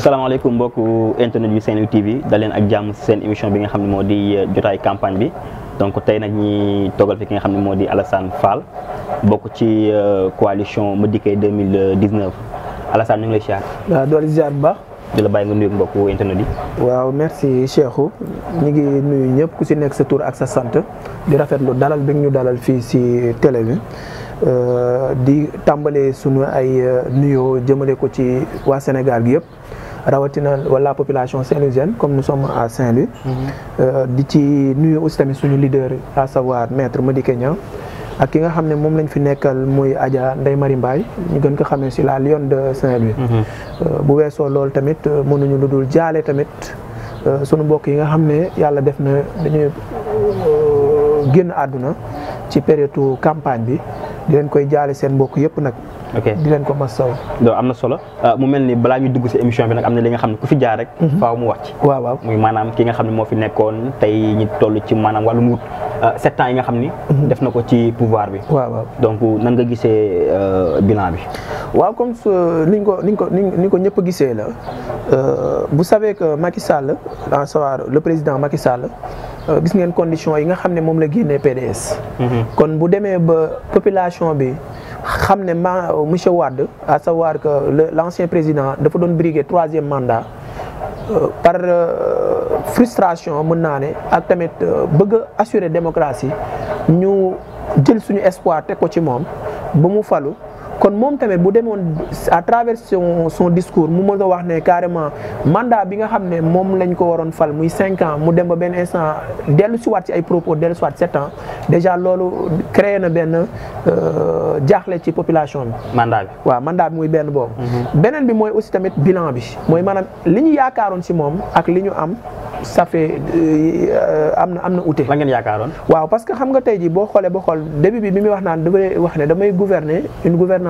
Assalamualaikum, mbokku internet yu saint TV dalen ak jàmm sen émission bi nga xamni modi euh, jotay campagne bi donc tay nak ñi togal fi nga xamni modi di Alassane Fall bokk ci euh, coalition medicay 2019 Alassane ñu ngi lay ziar. do li ziar bu baax. di la bay nga nuyu mbokku internet yi. waaw merci Cheikhou ñi ngi nuyu ñëpp ku ci nek sa tour ak sa sante di rafetlu dalal bi ñu dalal fi ci télé bi. Euh, di tambalé sunu ay nuyo jëmele ko ci wa Sénégal gi yépp rawatina wala population saint-louisienne comme nous sommes à Saint-Louis. Mhm. Euh, di ci nuyu aussi tamit suñu leader à savoir maître Madické Niang ak ki nga xam ne moom lañ fi nekkal muy Adja Ndeye Marie Mbaye ñu gën ko xamee ci la Lionne de Saint-Louis. Mhm. Euh, bu weesoo loolu tamit euh, mënuñu lu dul jaalee tamit suñu mbokk yi nga xam ne yàlla def na dañuy génn àdduna ci période campagne bi di leen koy jaale seen mbokk yëpp nag. ok di leen ko masaw do am na solo euh, mu mel ni balaa ñu dugg si émission bi nag am na li nga xam ne ku fi jaar rek mhm. faaw mu wax ci waaw waaw muy maanaam ki nga xam ne moo fi nekkoon tey ñi toll ci maanaam wàllu mu euh, sept yi nga xam ni mhm. def na ko ci pouvoir bi waaw waaw nan nga gisee euh, bilan bi waaw comme niñ ko niñ ko ni ko ñëpp gisee la vous savez que Macky Sall en savoir le président Macky Sall gis ngeen condition yi nga xam ne moom la génnee PDS mhm. kon bu demee ba bi xam ne ma monsieur Wade à savoir que l' ancien président dafa doon briguer troisième mandat euh, par euh, frustration mën naa ne ak tamit euh, bëgg a assurer démocratie ñu jël suñu espoir teg ko ci moom ba mu fallu kon mom tamit bu demoon à travers son son discours mu mën wax ne carrément mandat bi nga xamné mom lañ ko waroon fal muy 5 ans mu dem ba ben instant delu ci wat ci ay propos delu si waat sept ans déjà lolu créé na ben euh jaxlé ci population bi. mandat bi waaw mandat bi muy benn boobu. Mhm. benen bi moy aussi tamit bilan bi moy manam liñu ñu ci mom ak liñu am ça fait am euh, amna am na la ngeen yaakaaroon. waaw parce que xam nga tey jii boo xoolee boo xool début bi bi muy wax naan dafay wax ne damay gouverner une gouvernance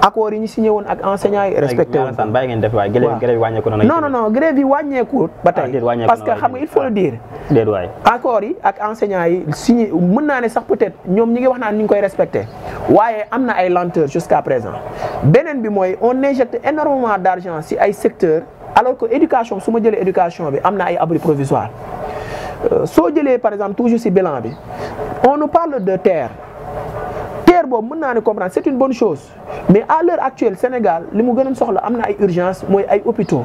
accord yi ñu signé won ak enseignants yi respecté woon bàyyi ngeen def waaye grève yi non non non grève yi wàññeeku ba ah, parce que xam nga il faut le dire ah, déet way accord yi ak enseignants yi signé mën na né sax peut-être ñom ñi ngi wax naan ñu koy respecté wayé amna ay lenteurs jusqu'à présent benen bi moy on injecte énormément d'argent si ay secteurs alors que éducation suma jël éducation bi amna ay abri provisoire euh, so jëlé par exemple toujours si bilan bi on nous parle de terre bon, mën naa ne comprendre c'est une bonne chose mais à l'heure actuelle Sénégal li mu gën a ay urgence mooy ay hôpitaux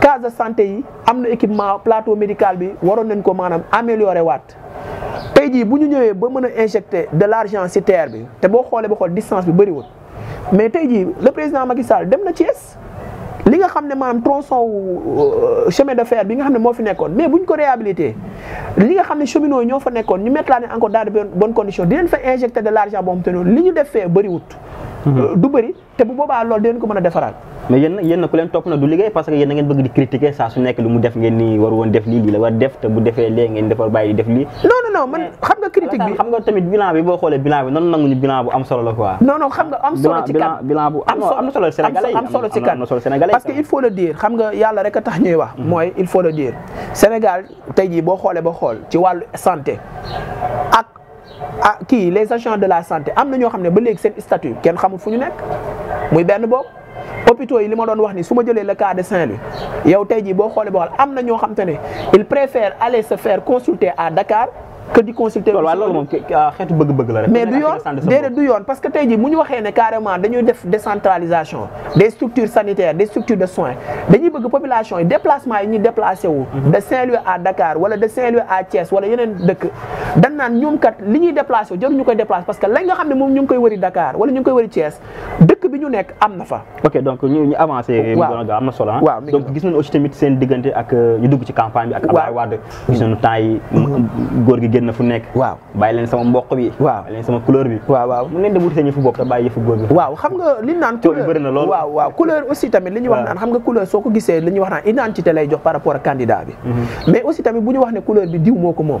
case santé yi am équipement plateau médical bi waroon nañ ko maanaam améliorer waat tey jii bu ñu ñëwee ba mën injecter de l'argent ci terre bi te boo xoolee ba xool distance bi bëriwul mais tey jii le président Macky Sall dem na Thiès li nga xam ne maanaam tronçon euh, chemin de fer bi nga xam ne moo fi nekkoon mais bu ñu ko réhabilité li nga xam ne cheminots yi ñoo fa nekkoon ñu mettre la ne encore dans de bonnes conditions di leen fa injecter de l'argent boo xam li ñu def fee bëriwut Euh, du bëri te bu boobaa loolu dinañ ko mën a defaraat. mais yéen ku leen topp na du liggéey parce que yéen ngeen bëgg di critiquer saa su nekk lu mu def ngeen ni war woon def lii lii la war def te bu defee lee ngeen defar bàyyi di def lii. non man xam nga critique bi xam nga tamit bi boo xoolee bilan bi bu am solo la quoi. non xam nga am solo ci kan bilan am solo ci kan parce que il faut le dire xam nga yàlla rek a tax ñuy wax. Mhm. mooy il faut le dire Sénégal tey jii boo xoolee ba xool ci wàllu ah kii les agents de la santé am na ñoo xam ba léegi seen statut kenn xamul fuñu nek muy benn bopp. hôpitaux yi li ma doon wax ni suma jëlé le cas de Saint-Louis yow tay ji bo xolé bo xal am ñoo xam il préfère aller se faire consulter à Dakar. que di consulter. waaw loolu moom ah, xeetu bëgg-bëgg la rek. mais du yoon déedéet du yoon parce que tey jii bu ñu waxee ne carrément dañuy def décentralisation des structures sanitaires des structures de soins dañuy bëgg population yi déplacement yi ñuy déplacé wu. Mm-hmm. Saint-Louis à Dakar wala de Saint-Louis à Thiès wala yeneen dëkk. dan naan ñoom kat li ñuy déplacé wu jarul ñu koy déplacé parce que lañ nga xam ne moom ñu ngi koy wëri Dakar wala ñu ngi koy wëri Thiès bi ñu nekk am na fa. ok donc ñu ñu avancé. waaw am ah. donc gis nañu aussi tamit seen diggante ak euh, ñu dugg ci campagne bi. ak Abdoulaye Wade gis nañu temps yi. góor gi génn fu nekk. waaw leen sama mboq bi. waaw bàyyi leen sama couleur bi. waaw waaw mu leen dem nga li ñu naan. couleur bëri na lool ñu wax naan xam nga couleur soo ko gisee li ñu wax naan identité lay jox par rapport ak candidat bi. Mhm. mais aussi tamit bu ñu wax ne couleur bi diw moo ko moom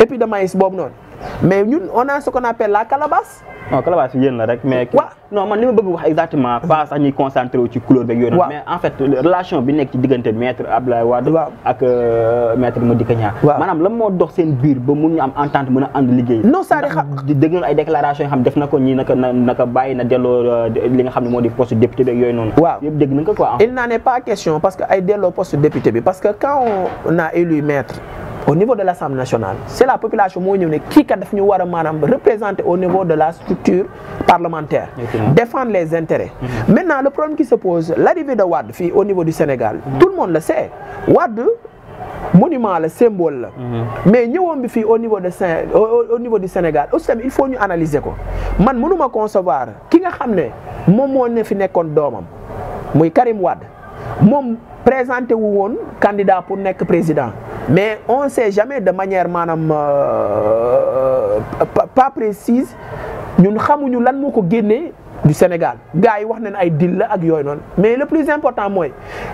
Et puis de maïs bob non mais ñun on a ce qu'on appelle la calabasse. non calabasse yéen la rek mais. non man li ma bëgg wax exactement pas ça, ñuy concentré wu ci couleur beeg yooyu. mais en fait relation bi nekk ci diggante maître Abdoulaye Wade. ak euh, maître Madické Niang. waaw maanaam lan moo dox seen biir ba mun ñu am entente mën a ànd non ça di dégg nga ay déclaration yoo xam def na ko ñii naka naka bàyyi na delloo euh, li nga xam ne poste député beeg yooyu noonu. quoi. il n'en est pas question parce que ay delloo poste député bi parce que quand on a élu maître au niveau de l'Assemblée nationale c'est la population qui ñëw ne au niveau de la structure parlementaire défendre les intérêts mm-hmm. maintenant le problème qui se pose l'arrivée de Wad au niveau du Sénégal mm-hmm. tout le monde le sait Wade monument le symbole mm-hmm. mais nous, avons au niveau de au niveau du Sénégal il faut nous analyser ko man concevoir ne peux pas ne fi est Karim Wade mon présenté candidat pour être président mais on ne sait jamais de manière maanaam euh, euh, euh, pas précise ñun xamuñu lan moo ko du Sénégal gars yi wax nañ ay ak mais le plus important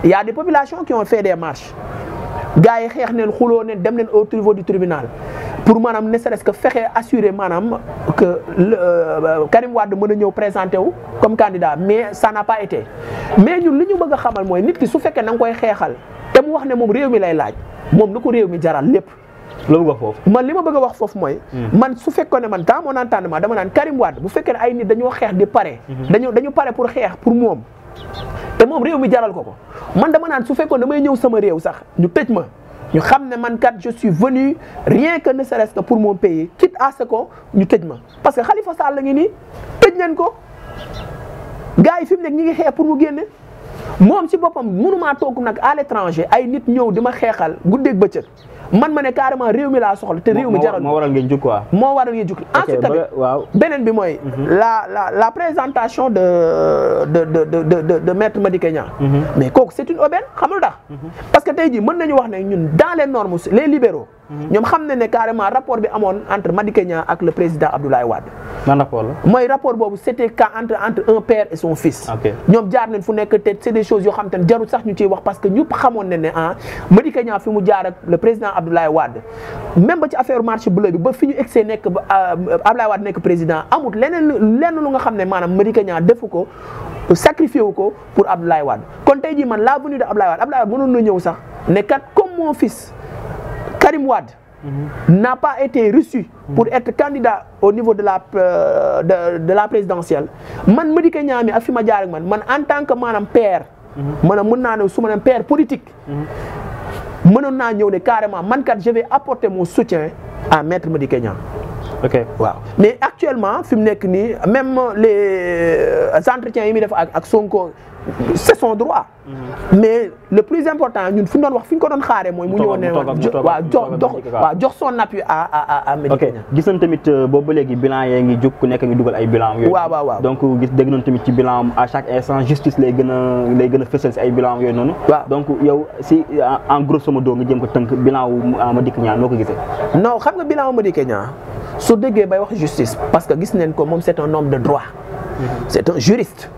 il y a des populations qui ont fait des marches gars yi xeex neen dem au niveau du tribunal pour Madame ne serait-ce que faire assurer Madame que Karim Wade mën a présenter wu comme candidat mais ça n'a pas été mais ñun li ñu bëgg a xamal mooy que ki su fekkee na fait, koy xeexal te mu wax ne moom réew mi lay laaj. moom lu ko réew mi jaral lépp. loolu nga foofu man li ma bëgg wax foofu mooy. Hmm. man su fekkoon ne man dans mon entendement dama naan Karim Wade bu fekkee ne ay nit dañoo xeex di pare. Hmm. dañoo dañu pare pour xeex pour moom. te moom réew mi jaral ko ko man dama naan su fekkoon damay ñëw sama réew sax ñu tëj ma ñu xam ne man kat je suis venu rien que ne sa ce que pour mon pays quitte à ko ñu tëj ma. parce que Khalifa Sall la ngi nii tëj nañ ko gars yi fi mu nekk ñi ngi xeex pour mu génne. Moi, si ne mënumaa pas à l'étranger ay nit ñew dima ma la guddeeg man carrément réew mi suis soxla té réew mi jaral waral ngeen juk ensuite mhm. la la la présentation de de de de de maître Madické mhm. mais c'est une aubaine xamul tax mhm. parce que tay ji mën nañu wax ne dans les normes les libéraux Mm-hmm. ñoom xam ne ne carrément rapport bi amoon entre Madi Kenya et le président Abdoulaye Wade. man rapport la mooy rapport boobu le cas entre entre un père et son fils. ñoom jaar nañ fu nekk te c' des choses yoo xam te ne jarul sax ñu wax parce que nous, xamoon ne ne ah Madické Niang fi mu jaar ak le président Abdoulaye Wade. même ba ci affaire marché bleu bi ba fi ñu euh, Abdoulaye Wade nekk président amut leneen lenn lu nga xam ne maanaam Madické Niang defu ko. sacrifié ko pour Abdoulaye Wade kon tey jii man la venue de Abdoulaye Wade Abdoulaye Wade mënoon na ñëw sax ne kat comme mon fils. Karim n'a pas été reçu pour être candidat au niveau de la euh, de, la présidentielle man Madické Niang fi ma man en tant que mon père mon amour naa man un père politique mënoon naa ñëw carrément man je vais apporter mon soutien à maître mudi kenya ok mais actuellement fi même les euh, entretiens yi c'est son droit. Mhm. mais le plus important nous fu fait doon wax Nous ko doon Nous son appui ok euh, bilan Nous ngi donc gis Nous tamit ci bilan à chaque instant justice lay Nous lay gëna fessel Nous ay bilan donc yow si en grosso modo nga jëm ko bilan des Nous non xam nga bilan su justice parce que ko c'est un homme de droit. Mhm. c'est un juriste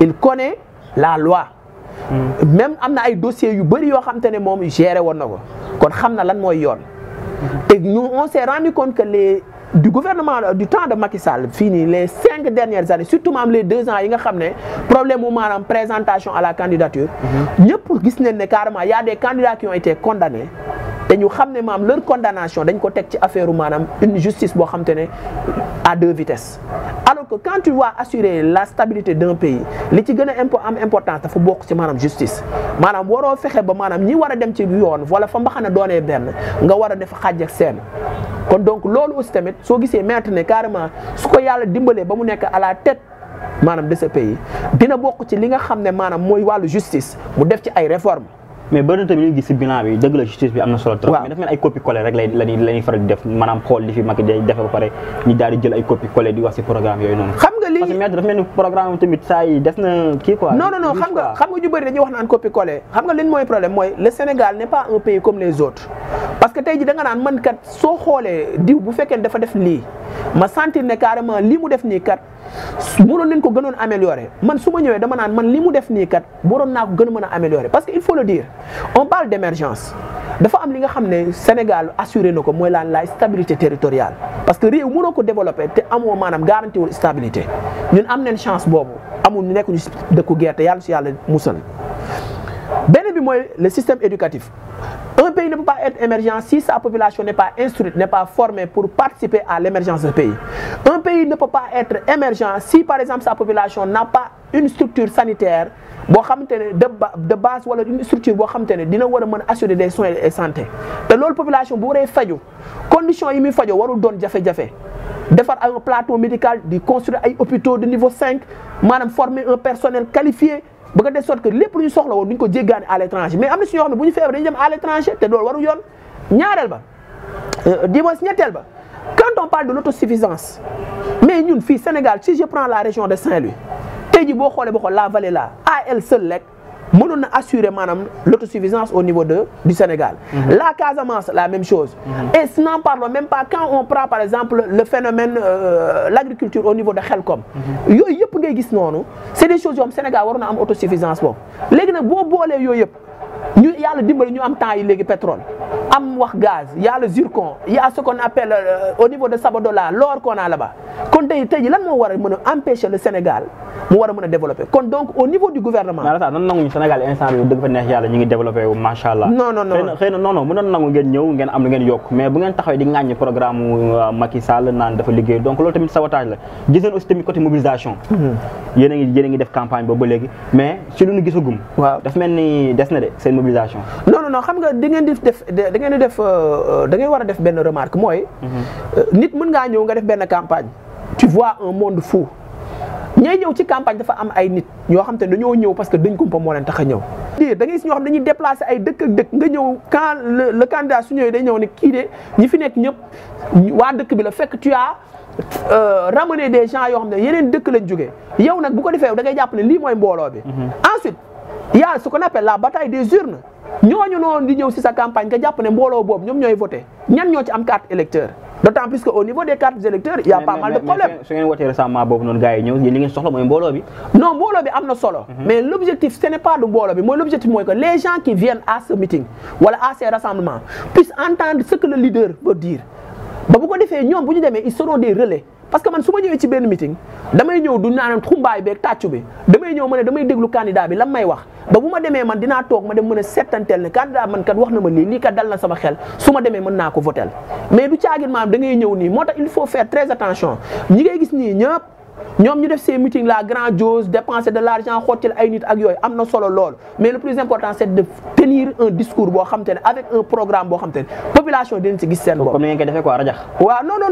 il connaît la loi. même si ay dossier yu bëri yo xam mom ne géré wonnako. kon xamna lan moy yoon. te ñu on s'est rendu compte que les du gouvernement du temps de Macky Sall fini les cinq dernières années surtout même les deux ans yi nga xamné problème mu présentation à la candidature. Mhm. ñepp gis nañ né carrément y a des candidats qui ont été condamnés. te ñu xam ne maam leur condamnation dañ ko teg ci affaire maanaam une justice boo xam te ne à deux vitesses alors que quand tu vas assurer la stabilité d'un pays li ci gën a impo important importance dafa bokk ci maanam justice maanaam waroo fexe ba maanaam ñi war a dem ci yoon wala fa mbaxana doonee benn nga war a def xàjj ak seen kon donc loolu aussi tamit soo gisee maître ne carrément su ko yàlla dimbalee ba mu nekk à la tête maanaam de ce pays dina bokk ci li nga xam ne maanaam mooy wàllu justice mu def ci ay réformes. mais bëri tamit ñu gis si bi dëgg la justice bi solo trop. mais dafa mel ay copie collé la ñuy faral def maanaam xool li fi Macky day ba pare ñu daal di jël ay copie collé di wax si programme yooyu noonu. li parce que maître dafa programme tamit saa yi des na kii quoi. non non non xam nga xam nga ñu bëri dañuy wax naan copie collé xam nga liñ mooy problème moy le Sénégal n'est pas un pays comme les autres. parce que tay ji da nga naan man kat so xolé diw bu fekkene dafa def li ma sentir né carrément li mu def ni kat mënoon nañ ko gënon améliorer man suma ñëwé dama naan man li mu def ni kat boron na ko gën mëna améliorer parce que il faut le dire on parle d'émergence dafa am li nga xamné Sénégal assuré na moy mooy la stabilité territoriale parce que réew mënoo développer. développé amo manam garantie wul stabilité ñun avons une chance bobu. amul ñu nekk ñu dëkku gerte yàlla si yàlla benn bi moy le système éducatif un pays ne peut pas être émergent si sa population n'est pas instruite n'est pas formée pour participer à l'émergence du pays un pays ne peut pas être émergent si par exemple sa population n'a pas une structure sanitaire de de base wala une structure qui xamante ne dina assurer des soins et santé te loolu population bu waree faju condition yi muy fajo warul doon jafe-jafe defar un plateau médical de construire un hôpital de niveau 5 de former un personnel qualifié pour de sorte que les produits ñu soxla woon duñ ko à l'étranger mais am na si ñoo xam ne dañu dem à l'étranger te loolu waru yoon ñaareel ba euh, di moins ñetteel ba quand on parle de l'autosuffisance mais ñun au Sénégal si je prends la région de Saint-Louis la vallée là à elle seule on assurer l'autosuffisance au niveau de du Sénégal. Mhm. la Casamance la même chose. Mhm. et ce n'en parlons même pas quand on prend par exemple le phénomène euh, l'agriculture au niveau de Xelkom. ce mhm. yëpp ngay c'est des choses où le Sénégal waroon autosuffisance. am autosuffisance boobu léegi nag boo boolee il y ñu le dimbali ñu am temps yi le pétrole am wax gaz a le zircon a ce qu'on appelle euh, au niveau de sabodola l'or qu'on a là-bas quand on tey lan a empêcher le Sénégal donc au niveau du gouvernement. mais non, non, Sénégal Non, non non non non, non non non, non, non, non, non, non, non, non, mais non, non, non non, non, non, Macky non, non, non, non, donc non, non, non, non, non, non, non, non, non, mobilisation. non, mhm. a non, non, non, non, non, campagne non, mais non, non, non, non, non, non, non, non, non, non, non, non, mobilisation. non non non non, non, non, non, non, remarque non, non, non, non, non, non, non, non, campagne tu vois un monde fou ñooy ñëw ci campagne dafa am ay nit ñoo xam te dañoo ñëw parce que dañ kumpa moo leen tax a ñëw. da ngay gis ñoo xam dañuy déplacé dëkk nga ñëw quand su ñëwee day ñëw ne kii de ñi fi nekk ñëpp waa dëkk bi la fekk tu as euh, ramené des gens yoo xam ne yeneen dëkk lañ jógee yow nag bu ko defee da ngay jàpp ne lii mooy mbooloo bi. Mhm. ensuite y a ce qu'on appelle la bataille des urnes ñooñu noonu di ñëw si sa campagne nga jàpp ne mbooloo boobu ñoom ñooy voté ñan ñoo ci am carte électeur. d'autant plus que au niveau des cartes électeurs il y a pas mal de problèmes su ngeen wootee récemment boobu noonu gars yi ñëw yéen li mooy mbooloo bi non mbooloo bi am na solo mhm. mais l'objectif ce n'est pas du bi mooy l'objectif mooy que les gens qui viennent à ce meeting wala à ces rassemblements puissent entendre leader veut dire ba bu defee ñoom bu ñu demee ils seront des parce que man su ma ñëwee ci benn meeting damay ñëw du naanam xumbaay beeg tàccu bi damay ñëw ma ne damay déglu candidat bi lan may wax ba bu ma demee man dinaa toog ma dem mën a settanteel ne candidat man kat wax na ma lii lii kat dal na sama xel su ma demee mën naa ko votel mais du caagin maanaam da ngay ñëw nii moo tax il faut faire très attention ñi ngay gis nii ñëpp ñoom ñu def ces meetings la grandiose dépenser de l'argent xottil ay nit ak yooyu am na solo lool mais le plus important c'est de tenir un discours boo xam te ne avec un programme boo xam te population dinañ ci gis seen bopp. comme ni ngeen koy defee quoi rajax. du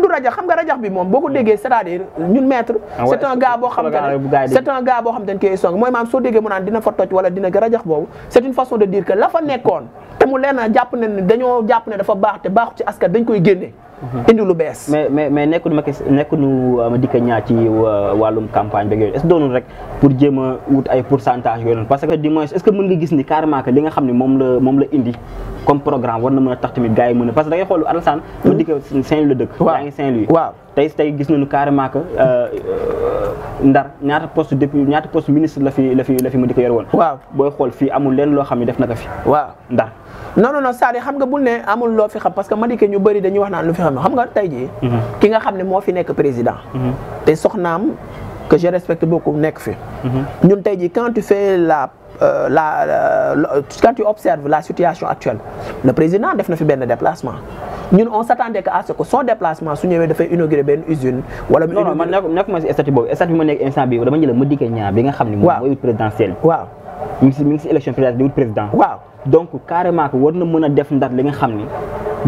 rajax xam nga rajax bi moom boo ko déggee c'est-à-dire ñun maître. Ah c'est un gars boo xam te ne c'est un gars boo xam te ne kii song mooy maam soo déggee mu naan dina fa toj wala dina rajax boobu c'est façon de dire que la fa dañoo jàpp ne dafa baax te baaxu ci askan dañ koy génne. Mhm. indi lu bees. mais mais mais nekkul ma kese nekkunu euh, ma dikka ñaa ci euh, wàllum campagne beeg est ce que rek pour jéem a wut ay pourcentage yooyu noonu parce que du moins est que mën nga gis ni carrément que li nga xam ne moom la moom la indi comme programme war na mën a tax tamit gars yi mën a parce que da ngay xool Alassane. ma dikka hmm. Saint-Louis la dëkk. waaw yaa ngi Saint-Louis. waaw tey tey gis nañu carrément que euh, Ndar ñaata poste depuis ñaata poste ministre la fi la fi la fi ma dikka yor woon. waaw booy xool fii xam ne def na ko fi. waaw Ndar. non non non cest xam nga bul ne amul lo fi xam parce que Madické ñu bari dañuy wax naan lu fi xam xam nga tay ji mhm. ki nga xam ne président. Mhm. que je respecte beaucoup nekk fi. Mhm. ñun quand tu fais euh, la. la, quand tu observes la situation actuelle, le président a fait un déplacement. Nous, on s'attendait à ce que son déplacement, su de une usine. wala non, non, ça ça donc carrément que war na mën a def ndar li nga xam ni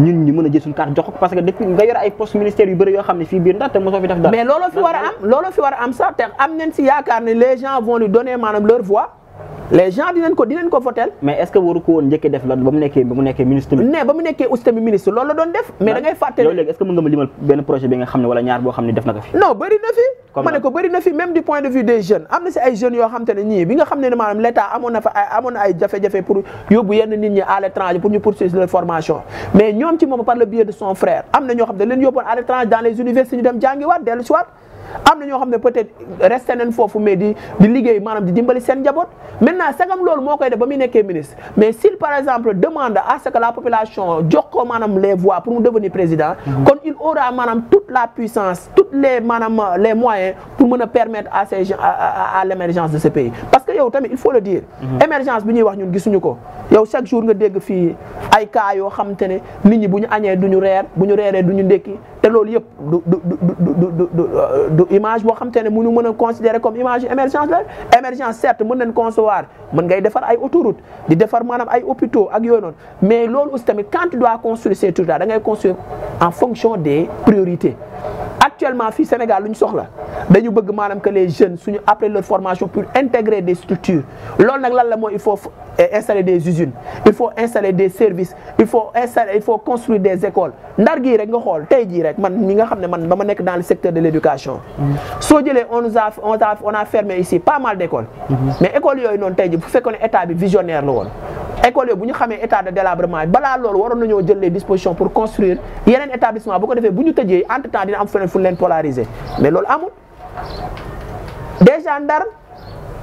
ñun ñu mën a jël suñu jox ko parce que depuis nga yor ay poste ministère yu bëri yoo xam ne fii biir ndar te mosoo fi def dara mais looloo fi war am looloo fi war am sax te am nañ si yaakaar ne les gens vont lui donner maanaam leur voix les gens dinañ ko dinañ ko votel mais est-ce que waru ko woon def loolu ba mu nekkee ba ministre ne ba mu nekkee aussi tamit ministre loolu la doon def mais da ngay fàtte yow fi non ko bëri fi même du point de vue des jeunes am na si ay jeunes yoo xam te ne bi nga xam ne na fa ay amoon ay jafe-jafe pour yóbbu yenn nit ñi à l'étranger pour ñu poursuivre leur formation mais ñoom ci moom par le biais de son frère am na ñoo xam am ñoo peut-être resté nañ fofu mais di di liguey manam di dimbali sen jabot. maintenant sagam lool moo koy def ba muy nekkee ministre mais s'il par exemple demande à ce que la population jox ko manam les voix pour mu devenir président mhm. kon il aura manam tout la puissance, tous les, moyens pour permettre à à, l'émergence de ce pays parce que il faut le dire mm-hmm. émergence chaque jour nga des cas image comme image émergence émergence certes nous concevoir ngay ay autoroute di défar hôpitaux mais quand tu dois construire ces trucs là da construire en fonction des priorités actuellement fi Sénégal nous sommes soxla Nous bëgg que les jeunes après leur formation puissent intégrer des structures lors de il faut installer des usines il faut installer des services il faut installer il faut construire des écoles ndar gii rek nga dans le secteur de l'éducation, on a on fermé ici pas mal d'écoles. Mhm. mais écoles sont noonu tey jii bu fekkoon visionnaire école yooyu bu ñu xamee état de délabrement bala lool waro nañu jël les dispositions pour construire yenen établissement bu ko défé bu ñu tëjee entre temps dina am feneen fu leen polariser mais lool amul des gendarmes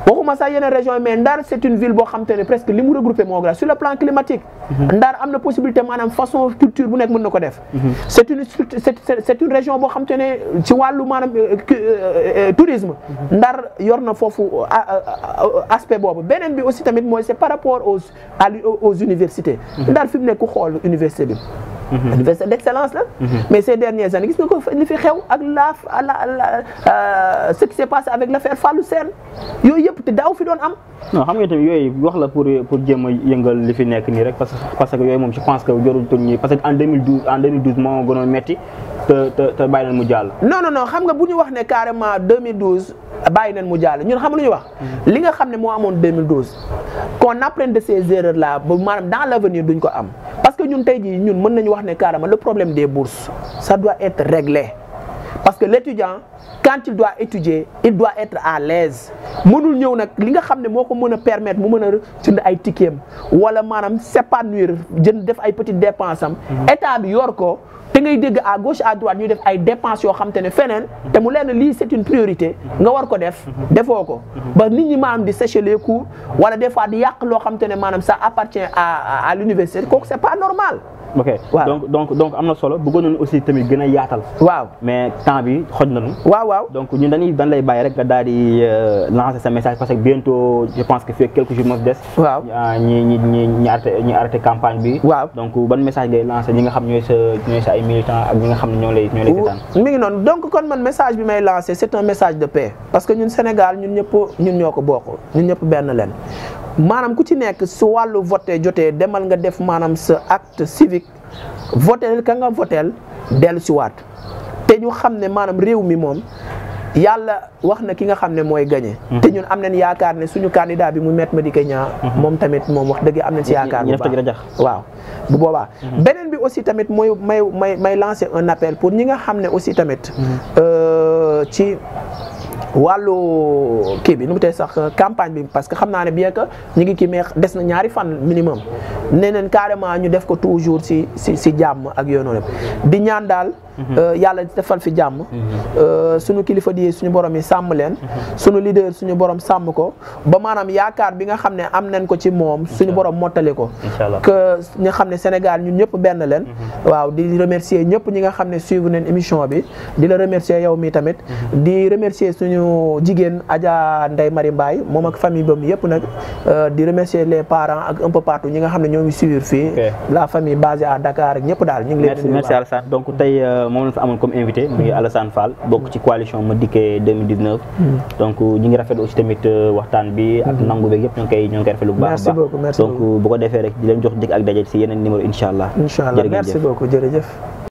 waxuma sax yeneen région mais Ndar c'est une ville boo xam presque li regroupé mo sur le plan climatique. Mhm. Ndar a une possibilité manam façon culture bu nek mën nako def. Mhm. c'est une c'est c'est une région bo xam te ci walu manam euh, euh, euh, tourisme. Mhm. Ndar yorna fofu aspect bobu benen bi aussi tamit moy c'est par rapport aux aux universités. Ndar fim nek ko xol université bi université mhm. d'excellence là mhm. mais ces dernières années quest nga ko li fi xew ak la la euh, ce qui s'est passé avec l'affaire Fallou yo yo yëpp te daaw fi am. non xam nga tamit yooyu wax la pour pour dire moi yëngal li fi nekk ni rek parce que parce que yooyu moom je pense que jarul toll nii parce que en 2012 en 2012 moo gënoon metti te te te bàyyi nañ mu non non non xam nga bu wax ne carrément 2012 bàyyi nañ mu jàll ñun xam lu ñu wax. Mhm. li nga xam ne 2012 qu'on apprenne de ces erreurs là dans l'avenir duñ ko am que ñun tey jii ñun mën nañu wax ne carrément le problème des bourses ça doit être réglé parce que l'étudiant, quand il doit étudier il doit être à l'aise mënul ñëw nag li nga xam ne moo permettre mu mën a jënd ay tikkeem wala maanaam s'épanouir jënd def ay petites dépenses am mhm. état bi yor ko te ngay dégg à gauche à droite def ay dépenses yoo xam te ne feneen te mu leen lii c'est une priorité nga war ko def defoo ko ba nit ñi maam di sécher les ku wala des fois di yàq loo xam te ne maanaam ça appartient à à l'université kooku c'est pas normal ok waaw donc donc donc amna solo bëggoon aussi tamit gëna yaatal. waaw mais temps bi xoj nañu. waaw waaw donc ñun dañuy dañ lay bàyyi rek nga daal di euh, lancer sa message parce que bientôt je pense que fii quelques jours moo dess waaw ah, ñi ñi ñi ñi arrêté ñi arrêté campagne bi. waaw donc ban message ngay lancer ñi nga xam ñoy sa ñoy sa ay militants ak ñi nga xam ñoy lay. ñoy lay seetaan mi ngi noonu donc kon man message bi may lancer c'est un message de paix parce que ñun Sénégal ñun ñëpp ñun ñoko ko bokk ñun ñëpp benn leen. maanaam ku ci nekk su wàllu voté jotee demal nga def maanaam sa acte civique votel ka nga votel dellu si te ñu xam ne maanaam réew mi moom yàlla wax na ki nga xam ne mooy gagné. Mhm. te ñun am nañ yaakaar ne suñu candidat bi mu Maître Madické Niang mhm. moom tamit moom wax dëgg am nañ si yaakaar bu baax waaw bu boobaa mhm. beneen bi aussi tamit mooy may may may lancer un appel pour ñi nga xam ne aussi tamit euh, ci wàllu kii bi nu mu tee sax euh, campagne bi parce que xam naa ne bien que ñu ngi kii mee des na ñaari fan minimum nee neen carrément ñu def ko toujours si si si jàmm ak yooyu noonu ñaan daal. Mhm. Euh, yàlla defal fi jàmm. Mhm. Euh, suñu kilifa di suñu borom yi sàmm leen. Mhm. suñu leader suñu borom sàmm ko ba maanaam yaakaar bi nga xam ne am nañ ko ci moom suñu borom mottali ko. que nga xam ne Sénégal ñun ñëpp benn leen. waaw di remercier ñëpp ñi nga xam ne suivre nañ émission bi di la remercier yow mi tamit. di remercier suñu jigéen Adja Ndeye Marie Mbaye moom ak famille bam yëpp nag euh, di remercier les parents ak un peu partout ñi nga xam ne ñoo ngi suivre fii. la famille basée à Dakar ak ñëpp daal ñu ngi leen. merci merci Alassane donc tey. moom la fa amoon comme invité mu ngi Alassane bokk ci coalition ma dikkee hmm. donc ñi ngi rafetlu aussi tamit euh, waxtaan bi ak hmm. nangu beeg yëpp ñoo koy ñoo ngi koy rafetlu bu baax donc bu defee rek di jox dikk ak daje si yeneen numéro incha allah incha allah merci beaucoup jërëjëf